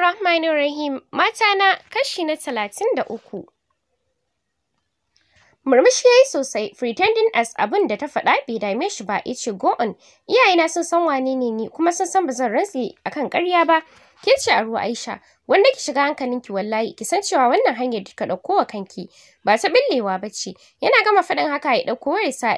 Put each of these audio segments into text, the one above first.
Bismillahirrahmanirrahim. Matana kashi na talatin da uku. Murmushi ya yi sosai, pretending as abin da ta faɗa bai dame shi ba, ya ce go on, iyayena sun san wane ne ni kuma sun san ba zan rantse kan ƙarya ba. Ke ce a ruwa Aisha, wanda ki shiga hankalinki wallahi, ki san cewa wannan hanyar da ka ɗauko wa kanki ba ta billewa ba ce. Yana gama faɗin haka ya ɗauko wayar sa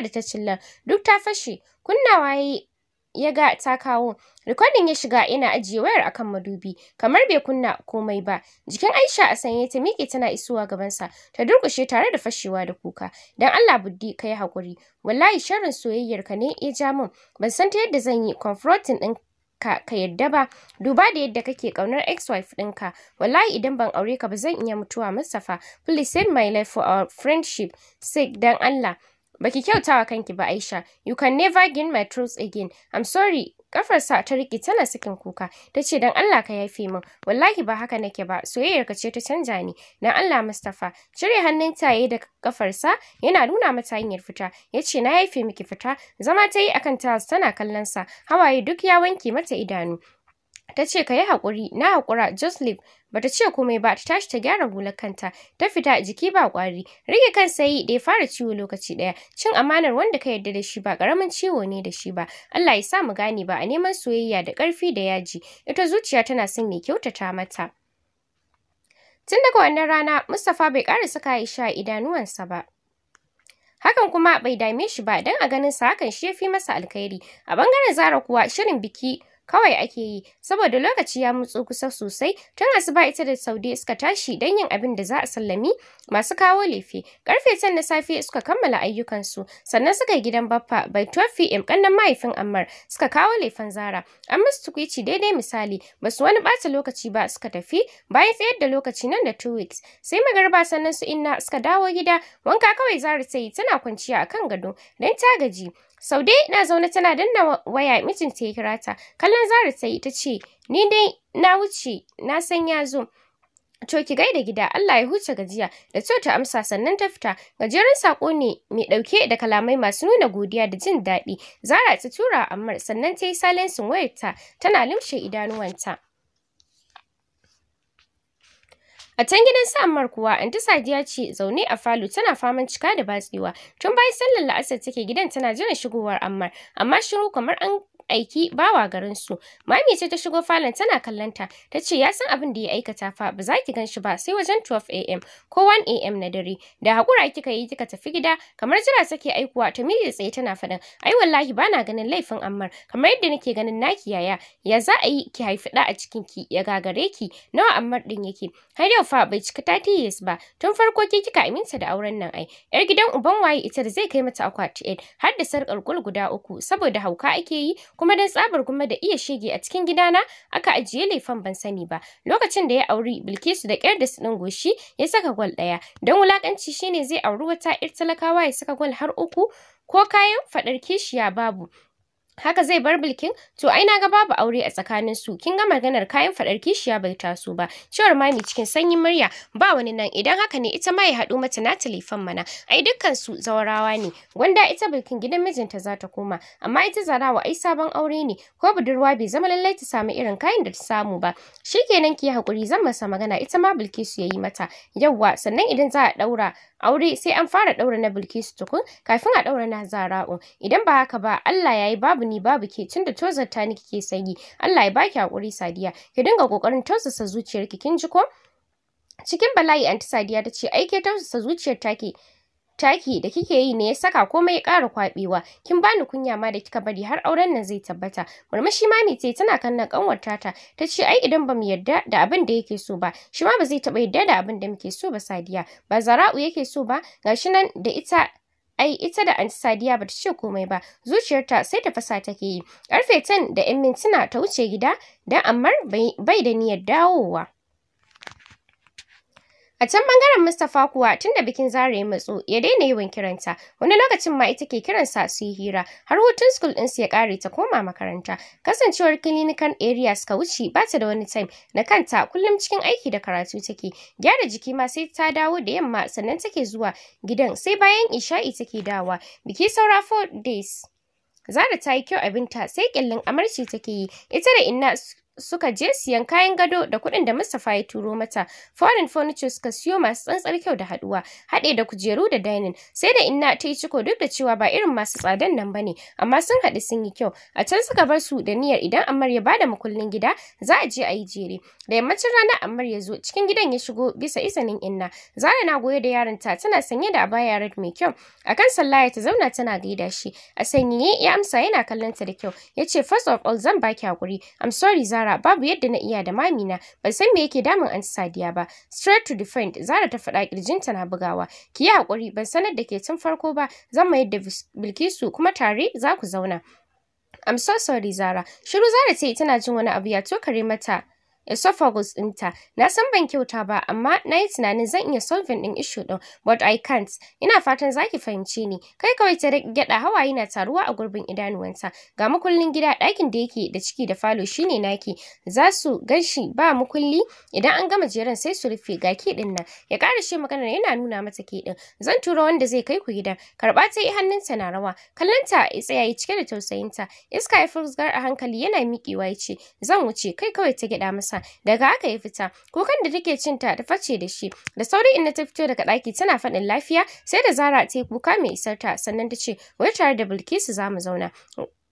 da ta cillar duk ta fashe, kunnawa ya yi ya ga ta kawo rikodin ya shiga yana ajiye wayar akan madubi kamar bai kunna komai ba jikin aisha a sanye ta miƙe tana isuwa gabansa ta durƙushe tare da fashewa da kuka dan allah buddi ka yi haƙuri wallahi sharrin soyayyar ka ne ya ja min ban san ta yadda zan yi confronting ɗin ka ka yadda ba duba da yadda kake kaunar ex-wife ɗinka wallahi idan ban aure ka ba zan iya mutuwa mustafa please save my life for our friendship sake dan Allah Baki kyautawa kanki ba Aisha. You can never gain my trust again. I'm sorry. sa ta rike tana sakin kuka. Ta ce dan Allah ka yafe min. Wallahi ba haka nake ba. Soyayyar ka ce ta canja ni. Na Allah Mustapha. Cire hannun taye da ƙafarsa yana nuna mata hanyar fita. yace na yafe miki fita. Zama ta yi akan tiles tana kallon sa. Hawaye duk ya wanke mata idanu. ta ce ka yi haƙuri na haƙura just leave bata ce komai ba ta tashi ta gyara hular kanta ta fita jiki ba ƙwari rage kan sayi da ya fara ciwo lokaci ɗaya cin amanar wanda ka yarda da shi ba ƙaramin ciwo ne da shi ba Allah ya sa mu gane ba a neman soyayya da ƙarfi da yaji ita zuciya tana son mai kyautata mata tun daga wannan rana Mustapha bai ƙara saka Aisha idanuwansa ba hakan kuma bai dame shi ba don a ganin sa hakan shi ya fi masa alkhairi a bangaren Zara kuwa shirin biki kawai ake yi saboda lokaci ya mutsu kusa sosai tana su ba ita da saudi suka tashi don yin abin da za a sallami masu kawo lefe karfe can na safe suka kammala ayyukansu sannan suka yi gidan baffa bai tofi imkannan mahaifin ammar suka kawo lefen zara an musu tukwici daidai misali ba su wani bata lokaci ba suka tafi bayan tsayar da lokaci nan da two weeks sai magarba sannan su inna suka dawo gida wanka kawai zara ta yi tana kwanciya a kan gado don ta gaji sau Saude na zaune tana danna waya mijinta ya kira ta. Kallon Zara ta yi ta ce, Ni dai na wuce, na san ya zo. To ki gaida gida, Allah ya huce gajiya. Da to ta amsa sannan ta fita. Gajeren sako ne mai dauke da kalamai masu nuna godiya da jin daɗi. Zara ta tura amma sannan ta yi salensin wayarta tana limshe idanuwanta. A can gidan su Ammar kuwa, Anti Sadiya ce zaune a falo tana faman cika da batsewa. Tun bayan sallar la'asar take gidan tana jiran shigowar Ammar, amma shiru kamar an aiki bawa garin su mami ce ta shigo falon tana kallon ta ce ya san abin da ya aikata fa ba za ki gan shi ba sai wajen 12 am ko 1 am na dare da hakura kika yi kika tafi gida kamar jira take aikuwa ta miji tsaye tana faɗin ai wallahi bana ganin laifin ammar kamar yadda nake ganin naki yaya ya za a yi ki haifi da a cikin ki ya gagare ki nawa ammar din yake har yau fa bai cika 30 years ba tun farko ke kika aminta da auren nan ai yar gidan uban waye ita da zai kai mata akwati 8 har da sarkar gulguda guda uku saboda hauka ake yi kuma dan tsabar kuma da iya shege a cikin gidana aka ajiye laifin ban sani ba lokacin da ya auri Bilkisu da ƙyar da su ɗin goshi ya saka gwal ɗaya don wulakanci shine zai auri wata 'yar talakawa ya saka gwal har uku ko kayan faɗar kishiya babu haka zai bar bilkin to ai na ga babu aure a tsakanin su kin ga maganar kayan fadar kishiya bai taso ba cewar mami cikin sanyin murya ba wani nan idan haka ne ita ma ya haɗu mata na telefon mana ai dukkan su zawarawa ne gwanda ita bilkin gidan mijinta za ta koma amma ita zarawa ai sabon aure ne ko budurwa bai zama lallai ta samu irin kayan da ta samu ba shi shikenan ki hakuri zan masa magana ita ma bilkisu yayi mata yawwa sannan idan za a daura aure sai an fara daura na bilkisu tukun kafin a daura na zara'u idan ba haka ba Allah yayi babu babu ni babu ke tunda tozarta ni kike sanyi Allah ya baki hakuri Sadiya ki dinga kokarin tausasa zuciyarki kin ji ko cikin bala'i anti Sadiya ta ce ai ke tausasa zuciyar take taki da kike yi ne ya saka komai ya ƙara kwabewa kin bani kunya ma da kika bari har auren nan zai tabbata murmushi mami ce tana kallon kanwar tata ta ce ai idan bamu yarda da abin da yake so ba shi ma ba zai taba yarda da abin da muke so ba sadiya ba zara'u yake so ba gashi nan da ita Ai, ita da anti Sadiya bata ce komai ba, zuciyarta sai ta fasa take yi. Karfe tan da ‘yan mintuna ta wuce gida, don amar bai da niyyar dawowa. A can bangaren Mustapha kuwa tunda bikin Zara ya matso ya daina yawan kiranta, wani lokacin ma ita ke kiransa su yi hira, har hutun school din su ya kare ta koma makaranta. Kasancewar clinical areas ka wuce ba ta da wani time na kanta kullum cikin aiki da karatu take. Gyara jiki ma sai ta dawo da yamma sannan take zuwa gidan sai bayan isha'i take dawa. Biki saura 4 days. Zara ta yi kyau abinta sai kyallin amarci take yi, ita da inna suka je siyan kayan gado da kuɗin da Mustapha ya turo mata. Foreign furniture suka siyo masu tsantsar kyau da haɗuwa, haɗe da kujeru da dining. Sai da inna ta yi ciko duk da cewa ba irin masu tsadan nan ba ne. amma sun haɗu sun yi kyau. A can suka bar su da niyyar idan amarya ba da makullin gida, za a je a yi jere. Da yammacin rana amarya zo, cikin gidan ya shigo bisa izinin inna. Zara na goye da yaronta tana sanye da abaya red mai kyau. Akan sallaya ta zauna tana gaida shi. A sanyaye ya amsa yana kallon ta da kyau. Ya ce first of all zan baki hakuri. I'm sorry Zara fara babu yadda na iya da mamina ban san me yake damun anti Sadiya ba straight to the point Zara ta faɗa kirjinta na bugawa ki yi hakuri ban sanar da ke tun farko ba zan mayar da Bilkisu kuma tare za ku zauna I'm so sorry Zara shiru Zara yi tana jin wani abu ya tokare mata esophagus ɗinta. Na san ban kyauta ba, amma na yi tunanin zan iya solving ɗin issue ɗin, but I can't. Ina fatan zaki ki fahimce ni. Kai kawai ta gyaɗa hawaye na taruwa a gurbin idanuwanta. Ga makullin gida dakin da yake da ciki da falo shine naki. Za su ganshi ba makulli idan an gama jeren sai su rufe gaki ki nan. Ya ƙara shi maganar yana nuna mata ke ɗin. Zan tura wanda zai kai ku gidan. Karɓa ta yi hannunta na rawa. Kallonta ya tsaya cike da tausayinta. Iska ya furgar a hankali yana miƙewa ya ce zan wuce kai kawai ta gyaɗa masa. masa daga haka ya fita kukan da take cin ta da face da shi da sauri inna ta fito daga ɗaki tana faɗin lafiya sai da zara ta yi kuka mai isar ta sannan ta ce wai tare da bilkisu za mu zauna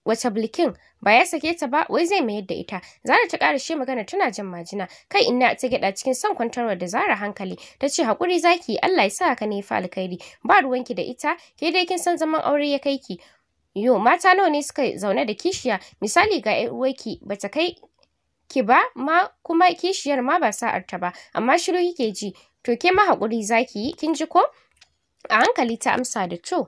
wace bilkin ba ya sake ta ba wai zai mayar da ita zara ta ƙara shi magana tana jin majina kai ina ta gyaɗa cikin son kwantarwa da zara hankali ta ce haƙuri zaki Allah ya sa ka fa alkhairi ba ruwanki da ita ke dai kin san zaman aure ya kai ki yo mata nawa ne suka zaune da kishiya misali ga 'yar uwarki bata kai ki ba ma kuma kishiyar ma ba sa'arta ba amma shiru kike ji to ke ma haƙuri zaki yi kin ji ko a hankali ta amsa da to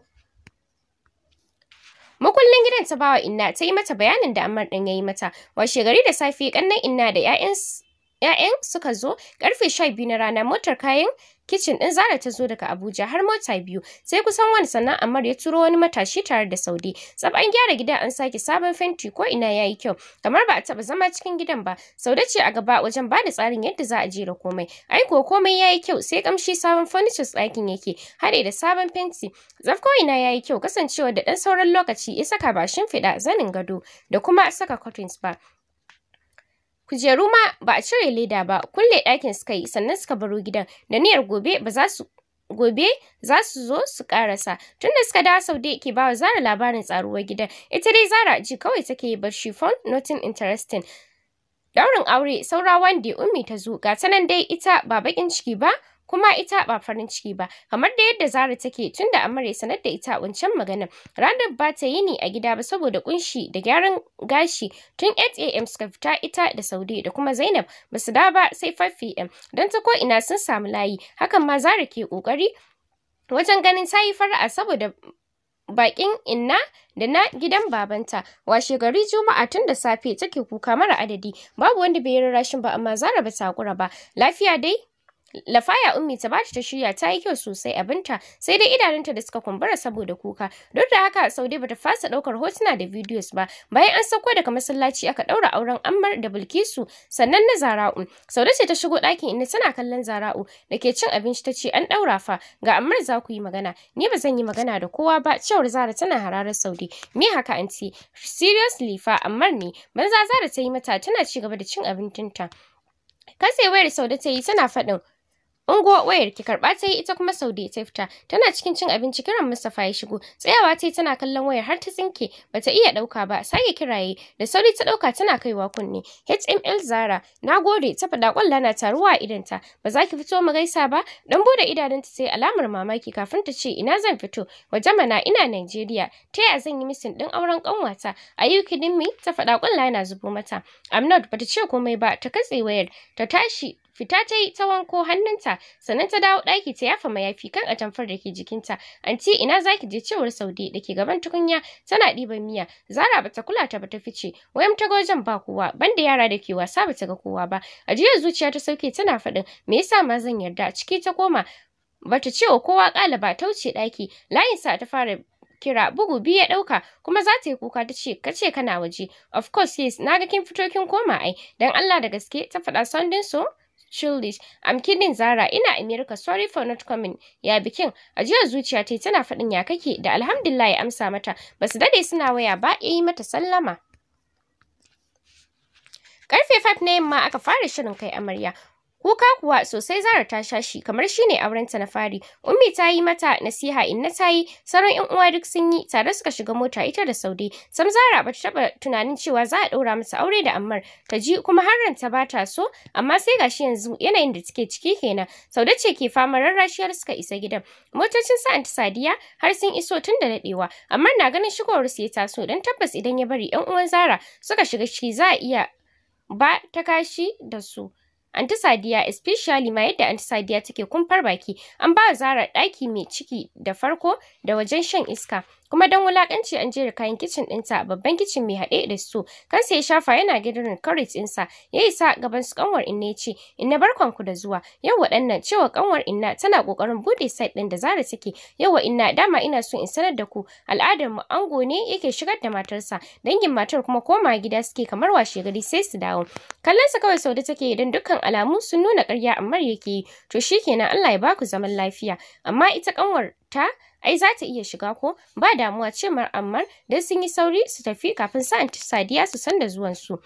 makullin gidan ta bawa inna ta yi mata bayanin da amar ɗin ya yi mata washe gari da safe ƙannan inna da 'ya'yan ‘ya'yan suka zo karfe sha biyu na rana motar kayan Kicin ɗin Zara ta zo daga Abuja har mota biyu, sai kusan wani sannan Ammar ya turo wani matashi tare da Saudi. tsab'an gyara gida an sake sabon fenti ko ina yayi kyau, kamar ba a taɓa zama cikin gidan ba. Saude ce a gaba wajen bada tsarin yadda za a jera komai. ai ko komai yayi kyau sai kamshi sabon furnitures ɗakin yake, haɗe da sabon fenti. zaf ko ina yayi kyau kasancewa da ɗan sauran lokaci ya saka ba shimfiɗa zanin gado da kuma saka curtains ba. Kujeru ma ba a cire leda ba, kulle ɗakin suka yi sannan suka baro gidan da niyyar gobe ba za su gobe za su zo su karasa tunda suka dawo saudi ke bawa zara labarin tsaruwar gidan ita dai zara ji kawai take yi barshi phone nothing interesting daurin aure saura wanda ummi ta zo ga ta nan dai ita ba bakin ciki ba kuma ita ba farin ciki ba kamar da yadda Zara take tunda Amare sanar da ita wancan magana. ranar ba ta yi ni a gida ba saboda kunshi da gyaran gashi tun 8 am suka fita ita da Saudi da kuma Zainab ba su da ba sai 5 pm don ta ko ina sun samu layi hakan ma Zara ke kokari wajen ganin ta yi fara'a saboda bakin inna da na gidan babanta washe gari juma'a tun da safe take kuka mara adadi babu wanda bai yi rashin ba amma zara ba ta ba lafiya dai lafaya ummi ta bata ta shirya ta yi kyau sosai abinta sai dai idanunta da suka kumbura saboda kuka duk da haka saude bata fasa daukar hotuna da videos ba bayan an sauko daga masallaci aka daura auren ammar da bilkisu sannan na zara'u saude ce ta shigo ɗakin inda tana kallon zara'u da ke cin abinci ta ce an daura fa ga ammar za ku yi magana ni ba zan yi magana da kowa ba cewar zara tana hararar saudi me haka anti seriously fa ammar ne banza zara ta yi mata tana ci gaba da cin abincinta kasewar saude ta yi tana faɗin Ungo wayar ki karba ta yi ita kuma Saude ta fita. Tana cikin cin abinci kiran Mustapha ya shigo. Tsayawa ta yi tana kallon wayar har ta tsinke bata iya dauka ba sake kiraye da sauri ta dauka tana kaiwa kunne. HML Zara nagode ta fada kwalla na taruwa a ta Ba za ki fito mu gaisa ba? Dan bude idanunta sai alamar mamaki kafin ta ce ina zan fito. Waje mana ina Najeriya. Ta ya zan yi misin din auren kanwata? Are you kidding Ta fada kwalla na zubo mata. I'm bata ce komai ba ta katse wayar ta tashi Fita ta yi ta wanko hannunta, sannan ta dawo ɗaki ta yafa mayafi kan atamfar da ke jikinta. Anti ina za ki je cewar Saude da ke gaban tukunya tana ɗiban miya. Zara bata kula ta ba ta fice, wayan ta wajen ba kowa, banda yara da ke wasa bata ga kowa ba. Ajiyar zuciya ta sauke tana faɗin me yasa ma zan yarda ciki ta koma. Bata ce wa kowa ba ta wuce ɗaki, layin sa ta fara kira bugu biyu ya ɗauka. kuma za ta yi kuka ta ce ka ce kana waje of course yes na ga kin fito kin koma ai dan Allah da gaske ta faɗa sandin so childish i'm kidding zara ina america sorry for not coming ya bikin ajiyar zuciya ta tana faɗin ya kake da alhamdulillah ya amsa mata basu dade suna waya ba ya yi mata sallama Karfe 5 na yamma aka fara shirin kai amarya. Kuka kuwa sosai Zara ta sha shi kamar shi ne aurenta na fari. Ummi ta yi mata nasiha in na ta sauran ‘yan uwa duk sun yi tare suka shiga mota ita da Saudi. Sam Zara ba ta taɓa tunanin cewa za a ɗaura masa aure da Ammar. Ta ji kuma ranta ba ta so, amma sai gashi yanzu yanayin da take ciki kenan. Saude ce ke fama rarrashiyar suka isa gidan. Motocin sa Anti Sadiya har sun iso tun da dadewa. amma na ganin shigowar su ya so dan tabbas idan ya bari ‘yan uwan Zara suka shiga ciki za a iya ba ta kashi da su. anti sadiya especially ma yadda anti sadiya take kumfar baki an ba zara ɗaki mai ciki da farko da wajen shan iska kuma don wulakanci an jera kayan kicin ɗinta babban kicin mai haɗe da su kansa ya shafa yana gidan courage ɗinsa ya isa gaban su kanwar inna ya ce inna barkanku da zuwa yau waɗannan cewa kanwar inna tana kokarin bude site ɗin da zara take yau wa inna dama ina so in sanar da ku al'adar mu ango ne yake shigar da matarsa dangin matar kuma koma gida suke kamar washe gari sai su dawo kallon sa kawai saude take don dukkan alamu sun nuna ƙarya amma yake yi to shikenan Allah ya baku zaman lafiya amma ita kanwar ta ai za ta iya shiga ko ba damuwa ce mar ammar don sun yi sauri su tafi kafin su sadiya su san da zuwan su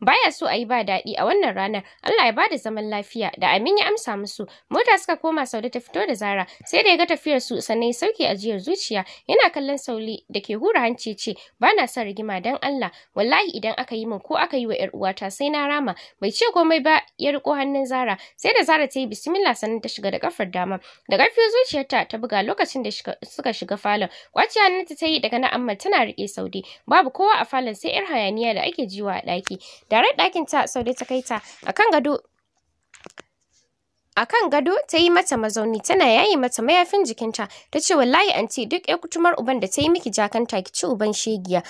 baya so a yi ba daɗi a wannan ranar Allah ya bada zaman lafiya da Amin ya amsa musu mota suka koma Saude ta fito da Zara sai da ya ga tafiyar su sannan ya sauke ajiyar zuciya yana kallon Sauli da ke hura hanci ce ba na son rigima dan Allah wallahi idan aka yi min ko aka yi wa 'yar uwata sai na rama bai ce komai ba ya riko hannun Zara sai da Zara ta yi bismillah sannan ta shiga da kafar dama da ƙarfin zuciyarta ta buga lokacin da suka shiga falon kwaci hannunta ta yi daga na tana riƙe Saude babu kowa a falon sai 'yar hayaniya da ake jiwa a ɗaki Dare ɗakin ta Saude ta kai ta akan gado a kan gado ta yi mata mazauni tana yayi mata mayafin jikinta ta ce wallahi anti duk ya kutumar uban da ta yi miki jakanta ki ci uban shegiya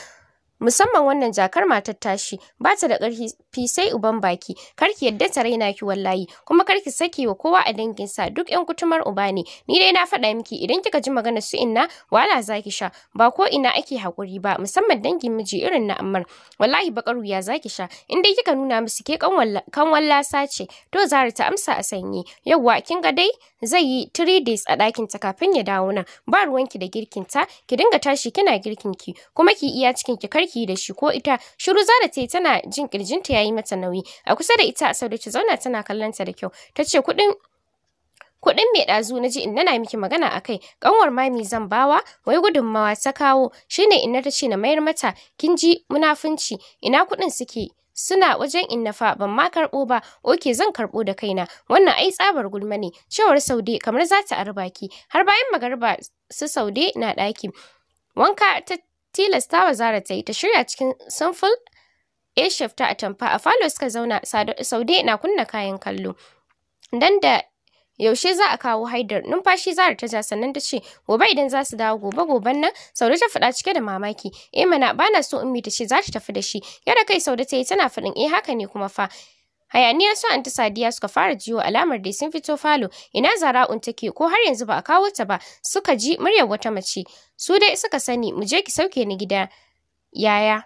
musamman wannan jakar matar tashi ba ta da ƙarfi sai uban baki karki yadda ta raina ki wallahi kuma karki saki wa kowa a dangin sa duk yan kutumar uba ne ni dai na faɗa miki idan kika ji magana su inna wala zaki sha ba ko ina ake hakuri ba musamman dangin miji irin na ammar wallahi bakar wuya zaki sha in dai kika nuna musu ke kan wallasa ce to zara ta amsa a sanyi yauwa kin ga dai zai yi 3 days a ɗakin ta kafin ya dawo nan ba ruwanki da girkin ta ki dinga tashi kina girkin ki kuma ki iya cikin ki karki aiki da shi ko ita shiru zara yi tana jin kirjinta yi mata nauyi a kusa da ita sau da ta zauna tana kallonta da kyau ta ce kuɗin kudin mai ɗazu na ji in nana miki magana a kai ƙanwar mami zan bawa wai gudunmawa ta kawo shine inna ta ce na mayar mata kin ji munafunci ina kuɗin suke suna wajen inna fa ban ma karɓo ba oke zan karɓo da kaina wannan ai tsabar gulma ne cewar saude kamar za ta arbaki har bayan magarba su saude na ɗaki wanka ta tilasta wa Zara ta yi ta shirya cikin samfur a shafta a tamfa a falo suka zauna saude na kunna kayan kallo dan da yaushe za a kawo haidar numfashi zara ta ja sannan ta ce gobe idan za su dawo gobe goben nan saude ta faɗa cike da mamaki eh mana bana so ummi ta ce za ta tafi da shi yadda kai saude ta yi tana faɗin eh haka ne kuma fa hayaniyar su anti sadiya suka fara jiwo alamar dai sun fito falo ina zara'un take ko har yanzu ba a kawo ta ba suka ji muryar wata mace Su dai suka sani, mu je ki sauke ni gida. Yaya?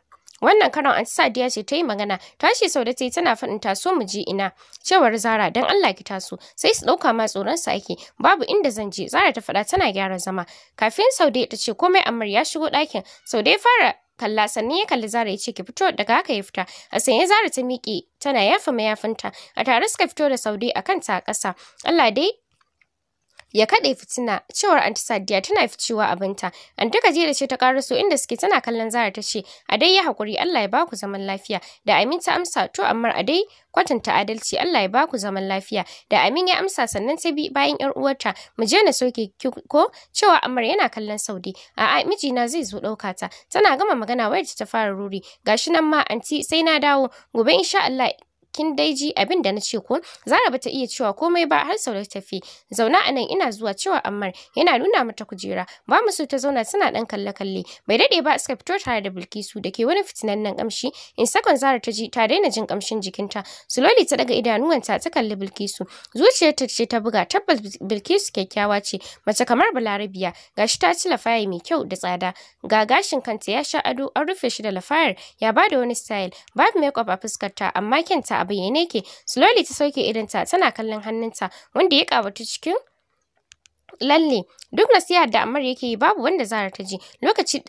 Wannan karon Aunty Sadiya ce ta yi magana, tashi sau da ta yi tana faɗin taso mu je ina. Cewar Zara don Allah ki taso, sai su ɗauka ma tsoron su ake, babu inda zan je, Zara ta faɗa tana gyara zama. Kafin Saude ta ce komai amar ya shigo ɗakin, Saude fara kalla sannan ya kalli Zara ya ce ki fito daga haka ya fita. A sanye Zara ta miƙe tana yafa mayafinta, a tare suka fito da Saude a kan ta ƙasa. Allah dai ya kaɗe fitina cewar anti sadiya tana ficewa abinta anti da ce ta karaso inda suke tana kallon zara ta ce a dai ya haƙuri allah ya baku zaman lafiya da amin ta amsa to amma a dai kwatanta adalci allah ya baku zaman lafiya da amin ya amsa sannan ta bi bayan yar uwarta mu je na soke ko cewa amar yana kallon saudi a'a mijina zai zo ɗauka ta tana gama magana wayar ta fara ruri gashi nan ma anti sai na dawo gobe insha allah cikin daiji abin da na ce ko Zara bata iya cewa komai ba har sau da tafi zauna a nan ina zuwa cewa Ammar yana nuna mata kujera ba mu so ta zauna suna dan kalle kalle bai dade ba suka fito tare da Bilkisu da ke wani fitinannen kamshi in sakon Zara ta ji ta daina jin kamshin jikinta Suloli ta daga idanuwanta ta kalli Bilkisu zuciyarta ce ta buga tabbas Bilkisu kyakkyawa ce mace kamar Balarabiya gashi ta ci lafaya mai kyau da tsada ga gashin kanta ya sha ado an rufe shi da lafayar ya bada wani style babu makeup a fuskarta amma kyanta a bayyane ke slowly ta sauke idanta tana kallon hannunta wanda ya ƙawatu cikin lalle duk nasihar da Amar yake yi babu wanda Zara ta ji lokaci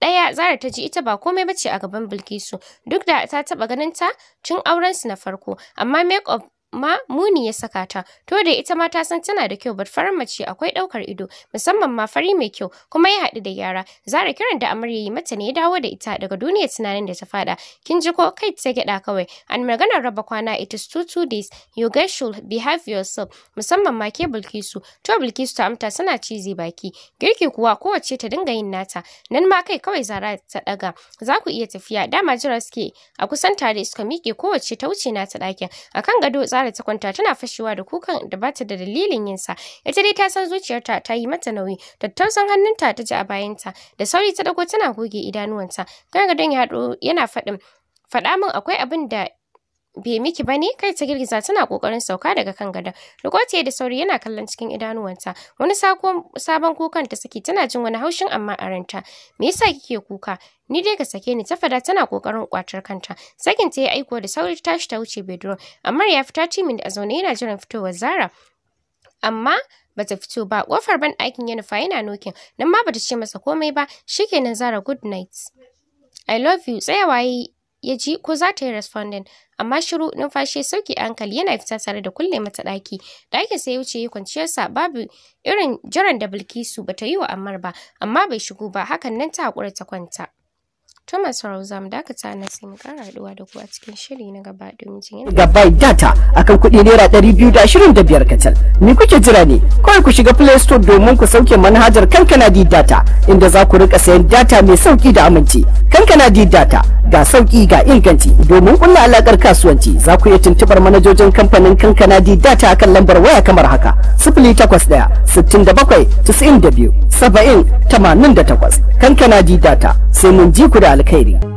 Ɗaya Zara ta ji ita ba komai bace a gaban Bilkisu duk da ta taɓa ganin ta tun auren su na farko amma make up ma muni ya saka ta to da ita ma ta san tana da kyau bar farin mace akwai daukar ido musamman ma fari mai kyau kuma ya haɗu da yara zara kiran da amarya yi mata ne ya dawo da ita daga duniya tunanin da ta fada kin ji ko kai ta gyada kawai an magana raba kwana it is two two days you guys should behave yourself musamman ma ke bilkisu to bilkisu ta amta suna cizi baki girki kuwa kowace ta dinga yin nata nan ma kai kawai zara ta daga za ku iya tafiya dama jira suke a kusan tare suka miƙe kowace ta wuce nata ɗakin akan gado Zara ta kwanta tana fashewa da kukan da bata da dalilin yinsa. Ita dai ta san zuciyarta ta yi mata nauyi, tattausan hannunta ta ji a bayanta, da sauri ta dago tana goge idanuwanta. kan gadon ya haɗo yana faɗin, faɗa min akwai abin da bai miki ba ne? kai ta girgiza tana kokarin sauka daga kan gadon rikotiya da sauri yana kallon cikin idanuwanta wani sabon kukan ta saki tana jin wani haushin amma a ranta me yasa kike kuka Ni dai ka sake ni ta tana kokarin kwatar kanta. Sakin ta yi aiko da sauri ta tashi ta wuce bedroom. Amma ya fita timin da a zaune yana jiran fitowar Zara. Amma bata fito ba kofar ban ɗakin ya nufa yana nokin nan ma bata ce masa komai ba shikenan Zara good night. I love you tsayawa ya ji ko za ta yi responding amma shiru numfashi sauki a hankali yana fita tare da kulle mata ɗaki ɗakin sai ya wuce ya kwanciyarsa babu irin jiran da bilkisu bata yi wa ammar ba amma bai shigo ba hakan nan ta haƙura ta kwanta Thomas Rauzam dakata na sai mu kara haduwa da ku a cikin shiri na gaba domin jin yadda gaba data akan kuɗi naira ɗari biyu da ashirin da biyar kacal me kuke jira ne kawai ku shiga Play Store domin ku sauke manhajar kankana di data inda za ku rika sayan data mai sauki da aminci kankana di data ga sauki ga inganci domin kulla alakar kasuwanci za ku iya tuntubar manajojin kamfanin kankana di data akan lambar waya kamar haka sifili takwas ɗaya sittin kankana di data sai mun ji ku da alkhairi